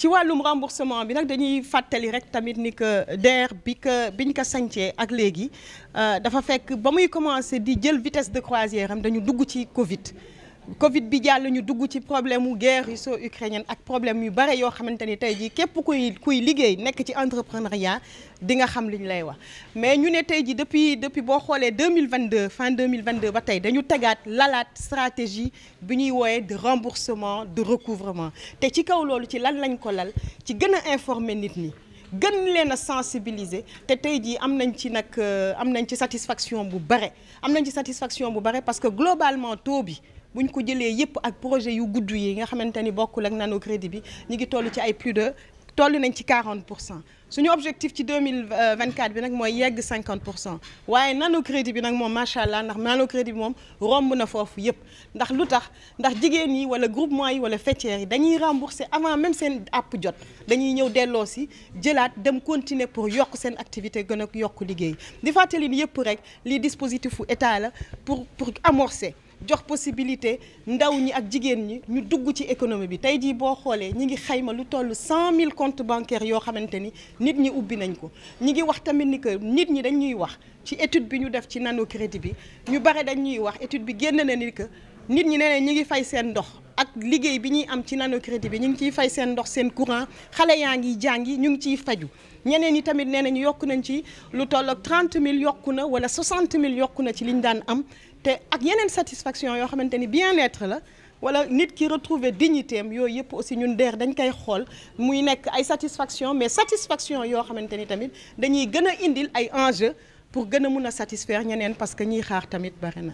ci walum remboursement bi nak dañuy rek tamit que DER bi biñ ko ak euh, dafa fekk di jël vitesse de croisière dañu dugg ci Covid Covid bi jàll ñu dugg ci problème mu guerre russo-ukrainienne ak problème yu baré yo xamanteni tay ji képp kuy kuy liggéey nek ci entrepreneuriat di nga xam liñ lay wax. mais ñu né tay ji depuis depuis bo xolé 2022 fin 2022 ba tay dañu tegaat lalaat stratégie bi ñuy woyé de remboursement de recouvrement té ci kaw lolu ci lan lañ ko lal ci gëna informer nit ñi. gën leen a sensibiliser te tey jii am nañ ci nag euh, am nañ ci satisfaction bu bare am nañ ci satisfaction bu bare parce que globalement taux bi buñ ko jëlé yépp ak projet yu gudd yi nga xamante ni bokkul ak nano crédit bi ñi ngi tollu ci ay plus de toll nañ ci 40 suñu objectif ci 2024 bi nak moy yegg 50 waye cent nano crédit bi nak mom machallah ndax nano crédit bi moom romb na fofu yépp ndax lutax ndax jigéen yi wala groupement yi wala fétière yi dañuy rembourser avant même sen app jot dañuy ñëw délo ci jëlaat dem continuer pour yok sen activité gëna yok liggéey di fàttali yëpp rek li dispositif état la pour pour amorcer jox possibilité ndaw ñi ak jigéen ñi ñu dugg ci économie bi Il y a ñi comptes bancaires qui nit ñi ubbi nañ ko ñi ngi wax tamit ni que nit ñi dañ ñuy wax ci étude bi ñu def ci nano crédit bi ñu bare dañ ñuy wax étude bi génn na ni que nit ñi ñi ngi fay seen nano crédit bi ñi ngi ciy fay seen ndox courant xalé yaa ngi jàngi ñu ngi ciy faju ñeneen tamit ci lu 30 wala 60 000 am te ak yeneen satisfaction yoo xamante ni bien-être la wala nit ki retrouver dignité am aussi ñun DER dañ koy xol muy nek ay satisfaction mais satisfaction yo xamanteni tamit dañuy gëna indil ay enjeux pour gëna mëna mun a satisfaire parce que ñi xaar tamit bari